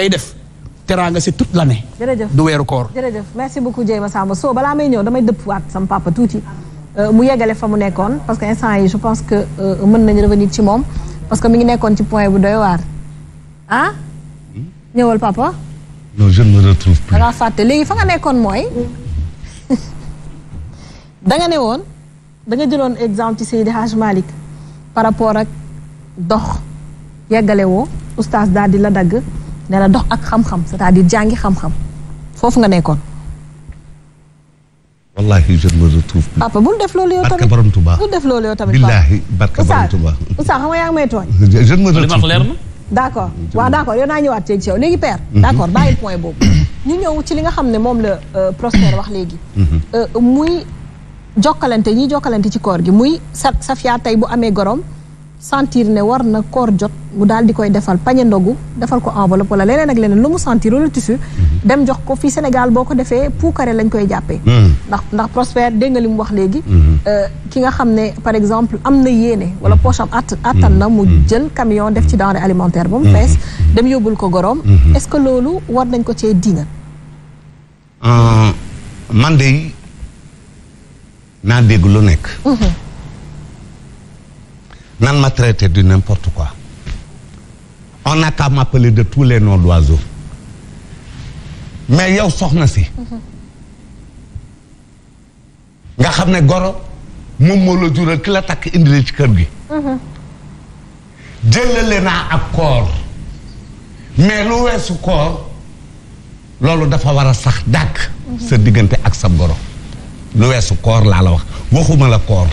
day def teraanga si toute l'année. jërëjëf du weeru koor. jërëjëf merci beaucoup Dieye Massamba so balaa may ñëw damay dëppwaat sama papa tuuti euh, mu yeggale fa mu nekkoon parce que instant yi je pense que euh, mën nañu revenir ci moom parce que mi ngi nekkoon ci point bu doy waar ah. ñëwal papa. non je fàtte léegi fa nga nekkoon mooy. da ne woon da jëloon exemple ci Seydi Hadj Malick par rapport ak dox yeggale woo oustaz daal di la dagg. ne la dox ak xam-xam c'est-à-dire jàngi xam-xam foofu nga nekkoon. wallahi je ne me retrouve plus. papa bul def loolu yow tamit barke borom Touba bul def loolu yow tamit. billahi barke borom Touba. Oustaz xam nga yaa ngi may tooñ. je ne me retrouve plus. d' accord waaw d' accord yow naa ñëwaat ceeg si yow léegi père. Mhm. d' accord bàyyi point boobu. ñu ñëw ci li nga xam ne moom la euh, Prospère wax léegi. Mhm. Euh, muy jokkalante ñiy jokkalante ci koor gi muy sa Safia tey bu amee gorom. sentir ne war na koor jot mu daal di koy defal pañe ndogu defal ko enveloppe wala leneen ak leneen lu mu sentir wala tissu mhm. dem jox ko fii Sénégal boo ko defee puukare lañ koy jàppee mhm. ndax ndax prospère dégg nga li mu wax léegi mhm. euh, ki nga xam ne par exemple am na yéene wala poche am att na mu jël camion def ci denrée alimentaire ba mu fees dem yóbbul ko goroom est-ce que loolu war nañ ko cee dinga euh, man de naa dégg lu nekk nan ma traité de n'importe quoi on n'a qu'à m'appeler de tous les noms d'oiseaux mais yow soxna si nga xam ne goro moom moo la jural ki la takk indi la ci kër gi jëlale naa ak koor mais lu weesu koor loolu dafa war a sax dàkk sa diggante ak sa goro lu weesu koor laa la wax waxuma la koor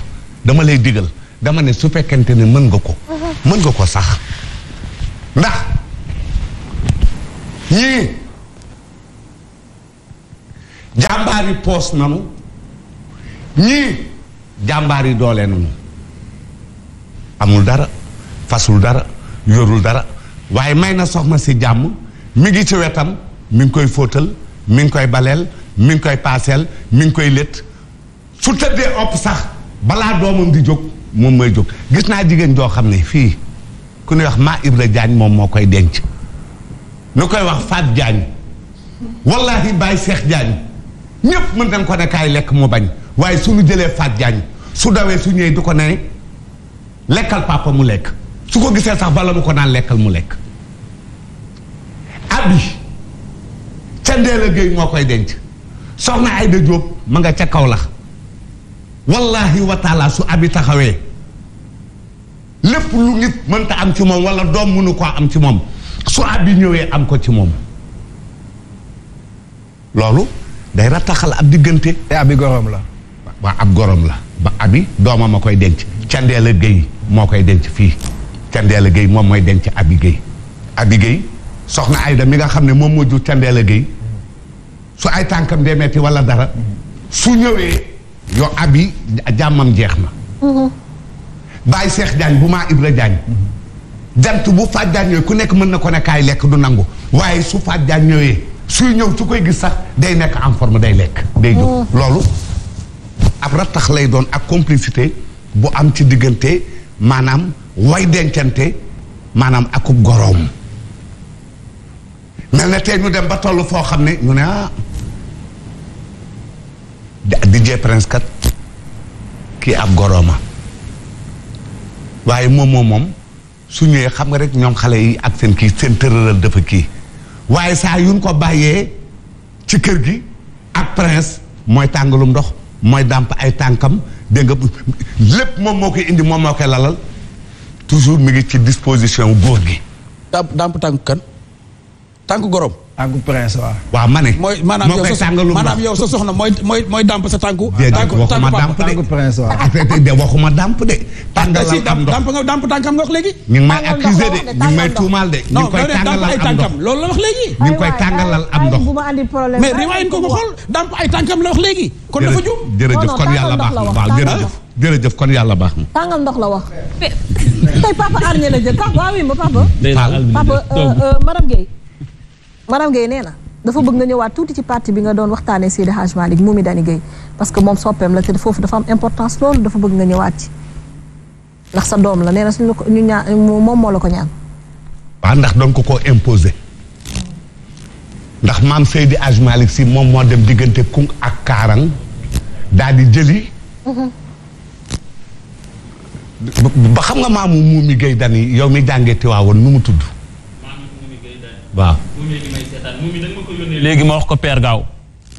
dama lay digal dama ne su fekkente ne mën nga ko. Mhm. mën nga ko sax ndax ñii jàmbaar yi poos nanu ñii jàmbaar yi doole nanu amul dara fasul dara yorul dara waaye may na sox ma si jàmm mu ngi ci wetam mi ngi koy fóotal mi ngi koy baleel mi ngi koy paaseel mi ngi koy létt su tëddee opp sax balaa doomam di jóg moom mooy jóg gis naa jigéen joo xam ne fii ku ne wax maa Ibra jaañ moom moo koy denc nu koy wax Faat Diagne wallahi Baye Cheikh jaañ ñëpp mën nañ ko ne kaay lekk mu bañ waaye su ñu jëlee Faat Diagne su dawee su ñëwee du ko ne lekkal papa mu lekk su ko gisee sax bala mu ko naan lekkal mu lekk abi ca Ndéla Gueye moo koy denc soxna Ayda Diop ma nga ca kaw lax wallahi wa taala su abi taxawee lépp lu nit mënta am ci moom wala doom mënu koo am ci moom su abi ñëwee am ko ci moom loolu day rattaxal ab diggante. te abi gorom la. waa ab gorom la ba abi doomam a koy denc. Candeela Guèye moo koy denc fii Candeela Guèye moom mooy denc abi Guèye abi Guèye soxna ay da mi nga xam ne moom moo jur Candeela Guèye su ay tànkam dee metti wala dara su ñëwee. yow abi jàmmam jeex na. Mhm. baay Cheikh Diagne bu maa Ibra Diagne. jant bu Fatou Diagne ñëwee ku nekk mën na ko ne lekk du nangu waaye su Fatou Diagne ñëwee suy ñëw su koy gis sax day nekk en forme day lekk. day jóg mhm. loolu ab rattax lay doon ak complicité bu am ci diggante maanaam way dencante maanaam akub goroom mel na tey ñu dem ba tollu foo xam ne ñu ne ah, DJ Prince kat kii ab gorooma waaye moom moom moom su ñëwee xam nga rek ñoom xale yi ak seen kii seen tërëral dafa kii waaye saa yuñ ko bàyyee ci kër gi ak Prince mooy tàngalum ndox mooy dàmp ay tànkam dégg nga lépp moom moo koy indi moom moo koy lalal toujours mu ngi ci disposition góor gi. dàmp tànk kan tànk gorom. tànku prince waaw. waaw ma ne. mooy maanaam yow sa maanaam yow sa soxna mooy damp sa tànku. tànku waxuma damp de tànku prince waaw. de waxuma damp de. Ah, tàngal am ndox damp nga damp tànkam nga wax léegi. ñu ngi may accusé de ñu ngi may tuumaal de. ñu ngi koy tàngalal am ndox loolu la wax léegi. ñu ngi koy tàngalal am ndox. mais riwaayin ko nga xool damp ay tànkam la wax léegi. kon dafa jërëjëf kon yàlla baax na waaw jërëjëf jërëjëf kon yàlla tàngal ndox la wax. tey papa Arñe la jël papa waaw oui ma papa. papa euh, euh, madame Guèye madame Guèye nee na dafa bëgg nga ñëwaat tuuti ci parti bi nga doon waxtaanee Seydi Hadj Malick Momy Dany Guèye parce que moom soppeem la te foofu dafa am importance loolu dafa bëgg nga ñëwaat ci ndax sa doom la nee na suñu la ko ñu ñaan moom moo la ko ñaan. waaw ndax doon ko koo imposer ndax maam Seydi Hadj Malick si moom moo dem diggante Koung ak kaaran daal di jëli. Mhm. ba xam nga maamu Momy Guèye Dany yow mi jàngee Tiwaawoon nu mu tudd. léegi ma wax ko Père Gaaw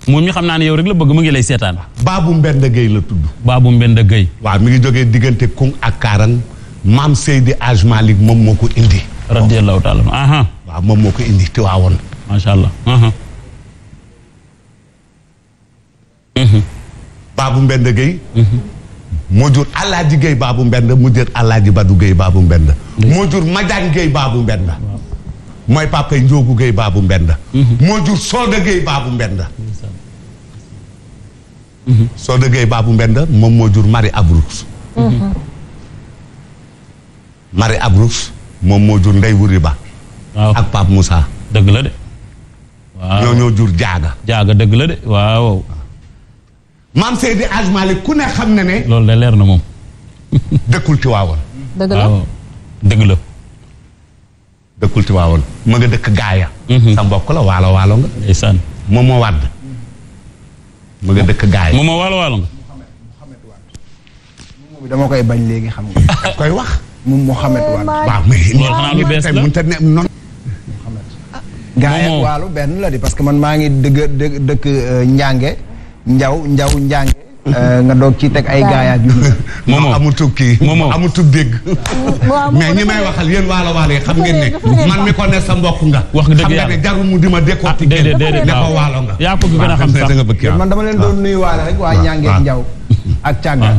moom ñu xam naa ne yow rek la bëgg mu ngi lay seetaan. baabu Mbenda Gueye la tudd. Babou Mbenda Gueye. waaw mi ngi jógee diggante Kung ak Kaaran maam Seydi Aj moom moo ko indi. radiyallahu taala aha waaw moom moo ko indi te waa woon. macha allah. Mhm. Babou mhm. jur Alaaji Gueye Babou Mbenda mu jur Alaaji Badou Gueye Babou Mbenda. moo jur Madiane mooy papay Njoogu Géey bu Mbenda mhm. moo jur Sooda Géey Baabu Mbenda mhm. Sooda Géey Baabu Mbenda moom moo jur mari Abrux Marie Abrux mhm. moom moo jur Ndey Wuri Ba ak Pape Moussa dëgg la de ñoo ñoo jur jaaga jaaga dëgg la de waaw maam Seydi Aj ku ne xam ne ne loolu de leer na moom dëkkul ci waawoon dëgg la dëkkul Tiwaawoon ma nga dëkk gaaya mhm. sa mbokk la waalo waalo nga moom moo wàdd ma nga dëkk gaaya moom moo waalo waalo nga moom dama koy bañ léegi xam wax moom Mouhamed Wade waaw mais la ne noonu gaaya ak waalu benn la di parce que man maa ngi dëgg dëkk euh, njànge njaw njaw njànge Euh, nga doog ci teg ay gaayaat yu. moom amul tukki moom amul tukki dégg. mais ñi may waxal yéen waalo waale xam ngeen ne man mi ko ne sa mbokk nga. wax dëgg yàlla xam nga mu di ma décortiquer. Ah, déedéet déedéet ne ko waalo nga. yaa ko gën a xam sax man dama leen doon ah. nuyu waale rek waa ah. ñaangeen njaw ak càgga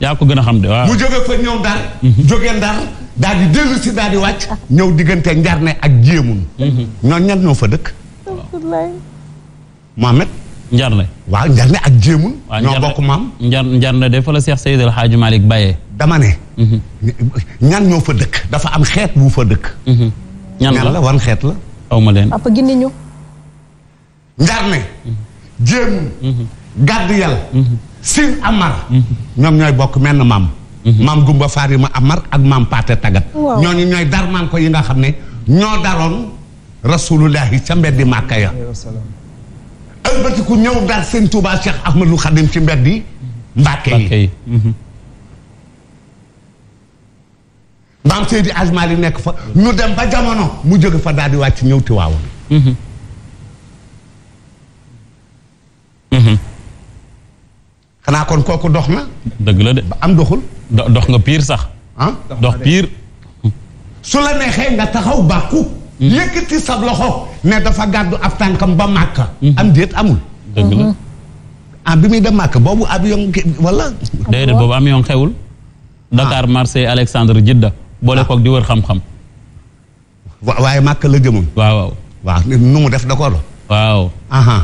yaa ko gën a xam de waaw. mu jóge fa ñëw ndar. Mhm. jóge ndar daal di dellu si daal di wàcc. ñëw diggante njarne ak jéemun. Mhm. ñoo ñan ñoo fa dëkk. Mohamed njarne waaw njarne ak jéemun ñoo bokk maam njar njarne de fa la Seex Seydil Xaaji Malick Baye dama ne mhm. ñan ñoo fa dëkk dafa am xeet bu fa dëkk mhm. ñan la wan xeet la xaw ma leen apa gindi ñu njarne mhm. jéemun gàdd yàlla sin amar ñoom ñooy bokk menn maam maam Gumba Faarima Amar ak maam Paate Tagat ñooñu ñooy dar man ko yi nga xam ne ñoo daroon rasulullahi ca mbeddi Màkka ya wëlbatiku ñëw daal sëñ Touba Cheikh Ahmadou Khadim ci mbedd yi Mbàkke yi mhm. maam Seydi Ajmali nekk fa ñu dem ba jamono mu jóge fa daal di wàcc ñëw Tiwaawoon mhm. mhm. xanaa kon kooku dox na dëgg la de am doxul dox nga piir sax ah dox piir su la neexee nga taxaw bàkku yëkkati sa loxo ne dafa gàddu ab tànkam ba màkka mhm. am déet amul dëgg ah, bi muy def màkk boobu avion wala déedéet ah boobu avion xewul Dakar ah. Marseille Alexandre Jidda boole koog di wër xam-xam waaye màkk la jëmoon waaw waaw nu mu def da ko waaw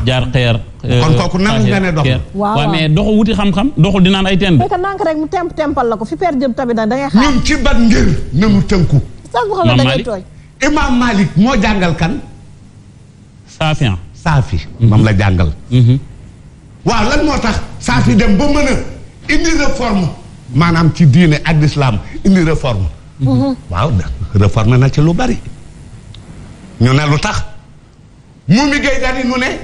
jaar xeer kon euh, kooku nan nga ne dox waaw mais doxu wuti xam-xam doxul dinaan ay teen bi mu temp tempal la ko fi père jëm tamit da ngay xaar ñun ci ban ngir nanu tënku sax bu xam ne da tooy imaam Malik moo jàngal kan. Saafiyan. Saafi. Mhm. moom la jàngal. Mhm. waaw lan moo tax Saafi dem ba mën a indi réforme maanaam ci diine ak islam indi réforme. Mhm. waaw réforme na ci lu bari. ñu ne lu tax mu mi gay dari nu ne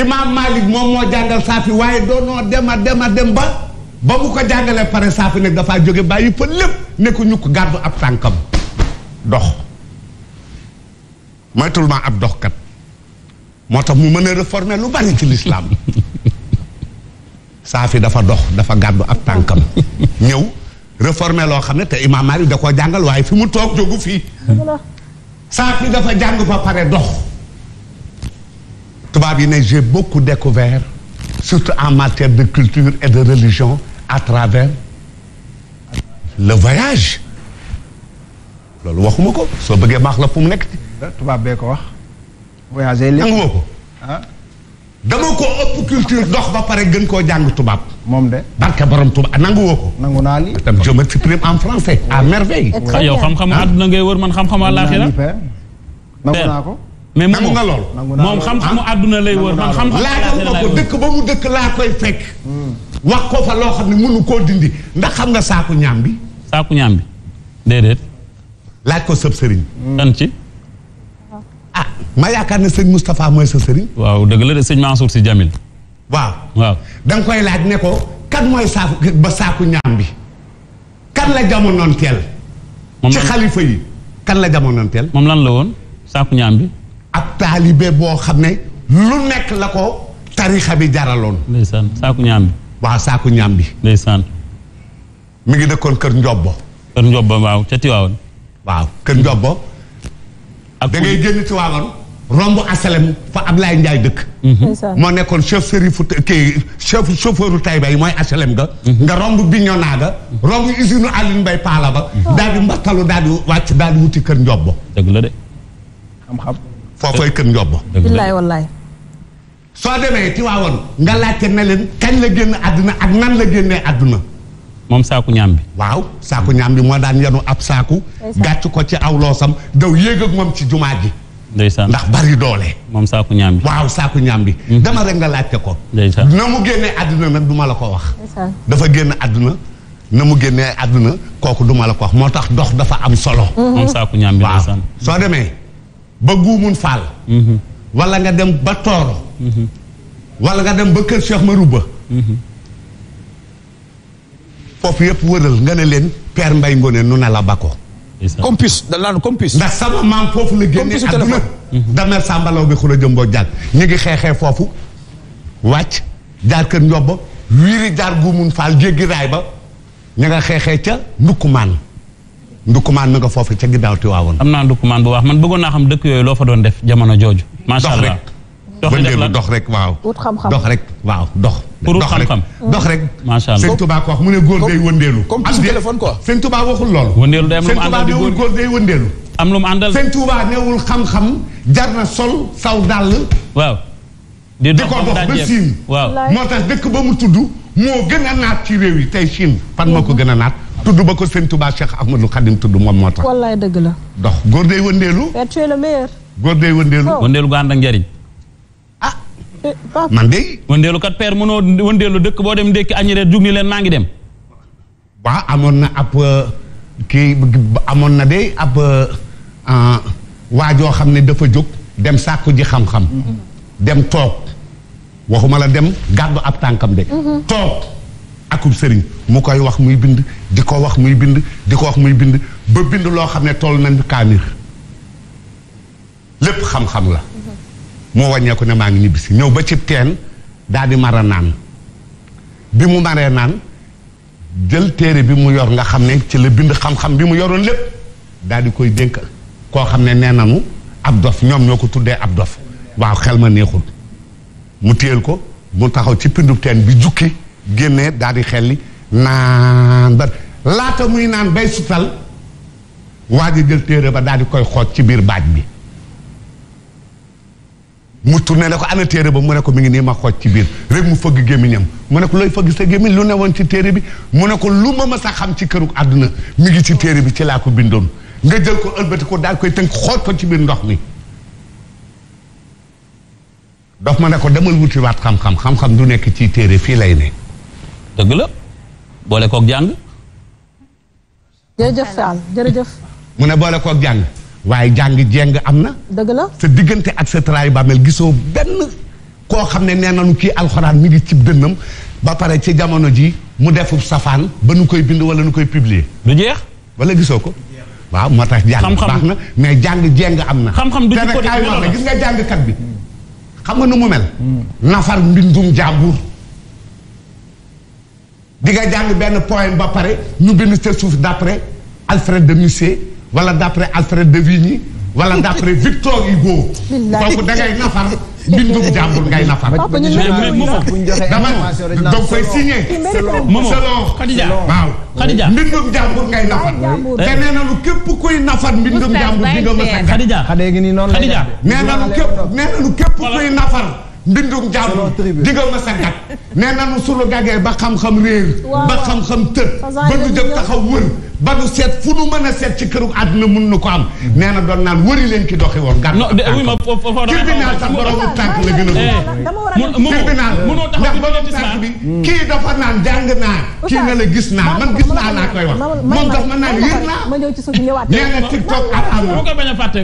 imaam Malik moom moo jàngal Saafi waaye doonoo dem dema dem dem ba ba mu ko jàngalee pare Saafi nag dafaa jóge bàyyi fa lépp ne ñu ko gàddu ab tànkam dox. moytul ma ab doxkat moo tax mu mën a réformer lu bari ci lislaam saafi dafa dox dafa gàddu ab tànkam ñëw réformer loo xam ne te imaam Maalik da koo jàngal waaye fi mu toog jógu fii saafi dafa jàng ba pare dox tubaab yi ne j'ai beaucoup découvert surtout en matière de culture et de religion à travers le voyage loolu waxuma ko soo bëggee baax la fu mu nekk tubaab bee ko wax. voyager lépp ko. Ah. dama ko ëpp culture dox ba pare gën koo jàng tubaab. moom de. barke borom tubaab ah, nangu ko. nangu naa li tam je m'exprime en français à merveille. Ah, man xam-xam àllaaxira nangu naa ko. mais moom nga lool àdduna lay wër man xam-xam dëkk laa koy fekk. Hmm. wax ko fa loo xam ne ndax xam nga saaku ñaam bi. saaku ñaam bi déedéet. laaj ko sëb sëriñ. ci. ah ma yaakaar na sëñ Moustapha mooy sa sëriñ. waaw dëgg la de sëñ Mansour si Jamil. waaw waaw da koy laaj ne kan mooy saaku ba saaku ñaam bi kan la jamonoon ci xalifa yi kan la jamonoon moom lan la woon saaku ñaam bi. ak taalibe boo xam ne lu nekk la ko tarixa bi jaraloon. ndeysaan saaku ñaam bi. waaw saaku ñaam bi. ndeysaan. mi ngi dëkkoon Kër Njobbo. Kër Njobbo waaw ca Tiwaawan. waaw Kër Njobbo. ak da ngay génn Tiwaawan romb asalem fa Ablaye Ndiaye dëkk. moo nekkoon chef serifu kii chef chauffeur Taïba mooy asalem ga. Mhm. nga romb Bignona ga. romb usine Aline Mbaye Paala ba. Oh. daal di wuti kër Ndiobbo. dëgg la de xam-xam. foofooy kër Ndiobbo. nga laajte na leen kañ la génn àdduna ak nan la génnee àdduna. moom saaku ñaam bi waaw saaku ñaam bi moo daan yenu ab saaku gàcc ko ci aw loosam daw yéeg ak moom ci jumaa ji ndeysaan ndax bari doole moom saaku ñaam bi waaw saaku ñaam bi mhm. dama rek nga laajte ko na mu génnee àdduna nag duma la ko wax dafa génn àdduna na mu génnee àdduna kooku duma la ko wax moo tax dox dafa am solo mhm. moom saaku ñaam soo demee ba guumun faal mhm. wala nga dem ba tooro wala nga dem ba kër Cheikh Marouba bopp yëpp wëral nga ne leen per mbay Ngoné nu na la bako compus da naan compus ndax sama maam foofu la génne adduna damer sàmbalaw bi xula jëmboo jàll ñu ngi xeexee foofu wàcc jaar kër njobba wiiri jaar guumun faal jéggi raay ba ña nga xeexee ca ndukkumaan ndukkumaan mi nga foofu ca ginnaaw ti waawoon am naa ndukkumaan bu baax man bëggoon naa xam dëkk yooyu loo fa doon def jamono jooju macha allah wëndeelu dox rek waaw. ut xam-xam dox rek waaw dox. pour ut xam-xam dox rek. macha allah sëñ Touba ko wax mu ne góor day wëndeelu. comme su téléphone quoi. sëñ Touba waxul loolu. wëndeelu day am lu mu àndal di góor góor day wëndeelu. am lu mu àndal sëñ Touba newul xam-xam jar na sol saw dàll. waaw di dox ko dox ba Chine. waaw moo tax dëkk ba mu tudd moo gën a naat ci réew yi tey Chine fan moo ko gën a naat. tudd ba ko sëñ Touba Cheikh Ahmadou Khadim tudd moom moo tax. wallaay dëgg la. dox góor day wëndeelu. tu es le meilleur. góor day wëndeelu. Oh. wëndeelu gu ànd ak njariñ man de. wëndeelu kat père mënoo wëndeelu dëkk boo dem ndékki añ reer jug ni leen maa ngi dem. waaw amoon na ab euh, kii amoon na de ab euh, waajoo xam ne dafa jóg dem sàkku ji xam-xam. dem toog waxuma la dem gàddu ab tànkam de. Mhm. toog akum sëriñ mu koy wax muy bind di ko wax muy bind di ko wax muy bind ba bind loo xam ne toll na kaamir lépp xam-xam la. moo wàññeeku ne maa ngi ñibbisi ñëw ba ci teen daal di mara naan bi mu maree naan jël téere bi mu yor nga xam ne ci la bind xam-xam bi mu yoroon lépp daal di koy dénk koo xam ne nee nanu ab dof ñoom ñoo ko tuddee ab dof waaw xel ma neexul mu téyel ko mu taxaw ci pindu teen bi jukki génnee daal di xelli naan ba laata muy naan bay sutal waa ji jël téere ba daal di koy xooj ci biir baaj bi mu tourné ne ko ana téere ba mu ne ko mi ngi nii ma xooj ci biir rek mu fëgg gémmiñam mu ne ko looy fëgg sa gémmiñ lu ne woon ci téere bi mu ne lu ma ma sax xam ci këru àdduna mi ngi ci téere bi ci laa ko bindoon nga jël ko ëlbati ko daal koy tënk xooj ko ci biir ndox mi dof ma ne ko demal wutiwaat xam-xam xam-xam du nekk ci téere fii lay ne dëgg la boole kook jàng jërëjëf Sall jërëjëf mu ne boole koog jàng waaye jàng jeng am na. dëgg sa diggante ak sa traay bàmmeel gisoo benn koo xam ne nee nanu kii alxuraan mi ngi cib dënnam ba pare ci jamono ji mu defub safaan ba nu koy bind wala nu koy publier. du jeex. wala gisoo ko. waaw moo tax jàng baax na mais jàng jeng am na. xam-xam du ci gis nga jàngkat bi. xam nga nu mu mel. nafar mbindum jàmbur. di nga jàng benn poème ba pare ñu bind ca suuf d' après Alfred de Musset. wala d'après Alfred de Vigny wala d'après Victor Hugo. donc da ngay nafar mbindum jàmbur ngay nafar. mais mais Momo dama donc koy signé. Momo Khadija waaw. Khadija mbindum jàmbur ngay nafar. te nee na lu képp kuy nafar mbindum jàmbur di nga mën a. Khadija Khadija. nee na lu na lu képp kuy nafar. mbindum jàmbur a gàtt nee na nu sulu gàggee ba xam-xam réer. ba xam-xam ba du seet fu nu mën a seet ci këru àdduna mun na ko am nee na doon naan wëri leen ki doxi woon gàtt tribunal sax boromu a eh, tribunal ndax kii dafa naan jàng naa kii na la gis naa man gis naa laa koy wax moom daf ma naan yër naa nee na tiktok araam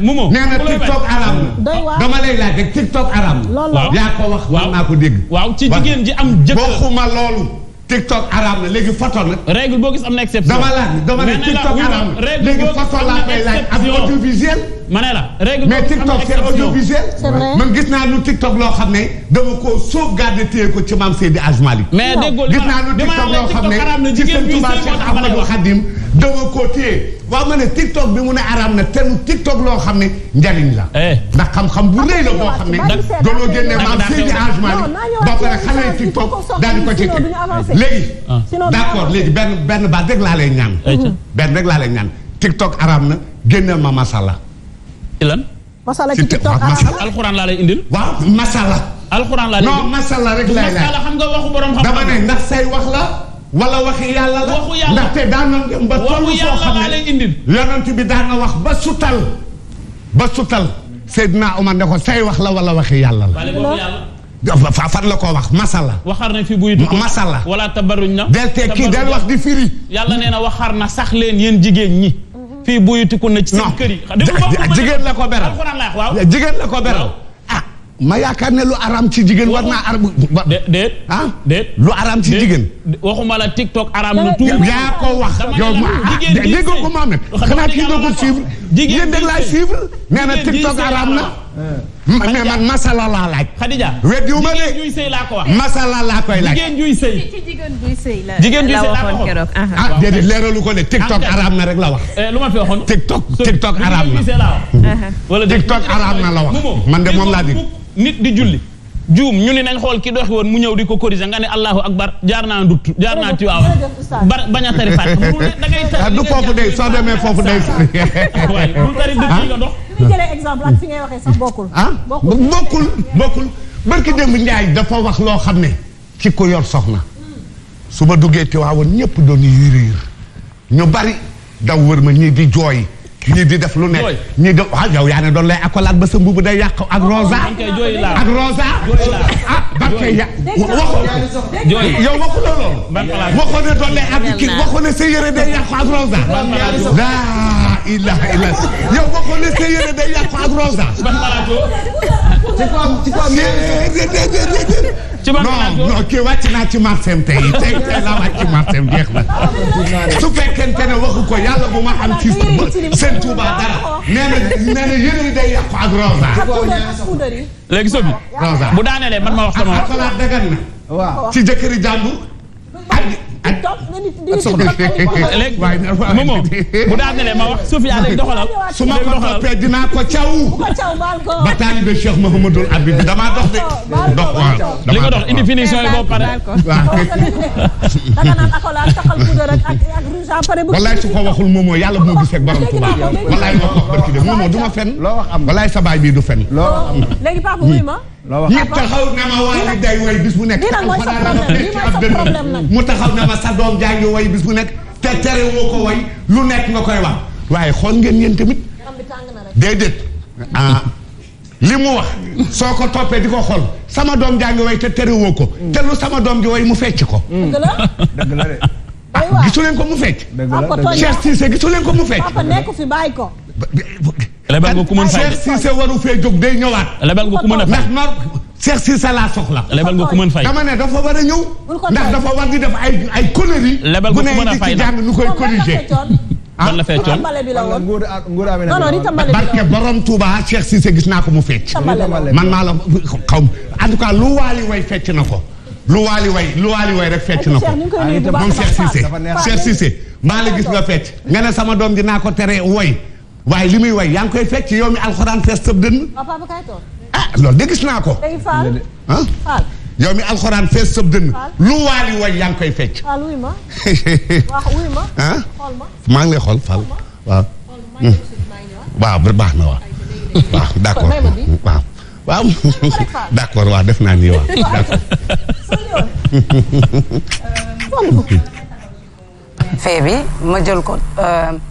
na nee na tiktok araam na dama lay laaj rek tiktok araam na yaa ko wax war naa ko dégg waaw ci jigéen ji am jëkkër waxuma loolu TikTok araam na léegi photo nag. règle boo gis am na exception. dama laaj dama ne TikTok araam na léegi photo laa koy laaj ak audiovisuel. ma ne la règle mais TikTok c'est audiovisuel. c'est vrai man gis naa lu TikTok loo xam ne dama koo sauvegarder téye ko ci maam Seydi Hadj Malick. mais déggoo li ma la gis naa lu TikTok loo xam ne ci seen Tuubaa Cheikh Ahmadou Khadim dama ko téye waaw ma ne TikTok bi mu ne araam na te TikTok loo xam ne njariñ la. Eh. ndax xam-xam bu rëy la boo xam ne. doonoo génne maam seeni arrangement bi ba pare xale TikTok daal di ko ci teg ah. benn benn baat rek laa lay ñaan. benn rek laa lay ñaan TikTok na génneel ma masala. ci lan. masala ci TikTok araam na alxuraan laa lay indil. waaw masala. alxuraan laa lay indil ndax say wax la. wala wax yàlla la waxu yàlla daan na ba tollu foo xam ne yonent bi daan na wax ba sutal ba sutal Seydina Omar ne ko say wax la wala waxi yàlla la fan la ko wax masala waxar na fi buy masala wala tabaruñ na del te kii del wax di firi yàlla nee na waxar na sax leen yéen jigéen ñi mhm. fii buyutiku na ci seen kër yi jigéen la ko beral jigéen la ko beral ma yaakaar ne lu araam ci jigéen war naa araam. Ah? lu araam ci waxuma la TikTok araam lu tuuti. yaa ma ah déggoo jigéen ñi laay suivre. nee TikTok araam na. masala laa laaj. Khadija weddi wu de. jigéen juy sëy laa ko wax. masala laa koy laaj. jigéen juy sëy. ci laa ko wax ah déedéet leeralu ko de ah, TikTok araam na rek la wax. Eh, TikTok araam na. wala TikTok araam la wax. man de moom laa dégg. nit di julli juum ñu ni nañ xool ki doxi mu ñëw di ko corriger nga ne allahu akbar jaar naa ndut jaar naa tiwaaw bar bañ a tari ah, du foofu day soo demee foofu day waay bul tari dëkk yi nga bokkul ah bokkul bokkul barki démb Njaay dafa wax loo xam ne ci ko yor soxna su ma duggee tiwaawoon ñëpp doon yuy riir ñu bari daw wër ma ñii di jooy ñii di def lu ne ñii di waaw yow yaa ne doon lay accolade ba sa mbubu day yàq ak oh, rosa ak rosa ah barke ya waxoo yow waxu la loolu waxoo ne doon lay ak kii waxoo ne sa yére day yàq ak rosa ilaha illah yow boo ko ne sa yére day yàqu ak rosa. ci quoi ci quoi ci non non kii wàcc naa ci marseem tey tey tey laa wàcc ci marseem jeex na. su fekkente ne waxu ko yàlla bu ma am ci seen tuuba dara. nee na nee na yére day yàqu ak rosa. léegi sobi rosa bu daanelee man ma wax sama. ak xalaat dagan na. waaw ci jëkkëri jàmbur ak. ak soxna léegi moom bu ma wax Sofia bi damaa dox de. dox waaw li nga dox indi finition yi boo pare. waaw. wallaay su ko waxul moomoo yàlla bu ma gisee ak borom Tuuba. wallaay ma ko wax barki de moomoo du ma fen. loo wax am wallaay sa baay bii du fen. loo wax taxaw na ma waa day way bis bu nekk. mu taxaw na ma sa doom jàngi way bis bu nekk. te tere woo ko way lu nekk nga koy wax. waaye xool ngeen yéen tamit. déedéet. ah li mu wax. soo ko toppee di ko xool. sama doom jàngi way te tere woo ko. Mm. te sama doom ji way mu fecc ko. Mm. dëgg la dëgg ko mu fecc. dëgg la dëgg la Cheikh ko mu fecc. papa nekk lebal nga ku mën fay de Cheikh Cissé waru fee jóg day ñëwaat. lebal nga ku mën a fay ndax mar Cheikh Cissé laa soxla. lebal nga ku mën fay dama ne dafa war a ñëw. ndax dafa war di def ay ay conneries. lebal nga ku mën a fay la bu ne di ci jàng nu koy corriger. Ah? ban la fee coon barke borom Touba Cheikh Cissé gis naa ko mu fecc. man maa la xaw en tout cas lu waali way fecc na ko. lu waali way lu waali way rek fecc na ko moom Cheikh Cissé Cheikh Cissé maa la gis nga fecc nga ne sama doom dinaa ko tere woy waaye li muy way yaa ngi koy fekk yow mi alxuraan fees sëb dënn. ah loolu naa ko. Ah? mi alxuraan fees sëb dënn. lu waali way yaa ngi koy fekk. ah maa xool Fall waaw. waaw baax na waaw. waaw d'accord waaw. def naa nii waaw euh, ko. Euh,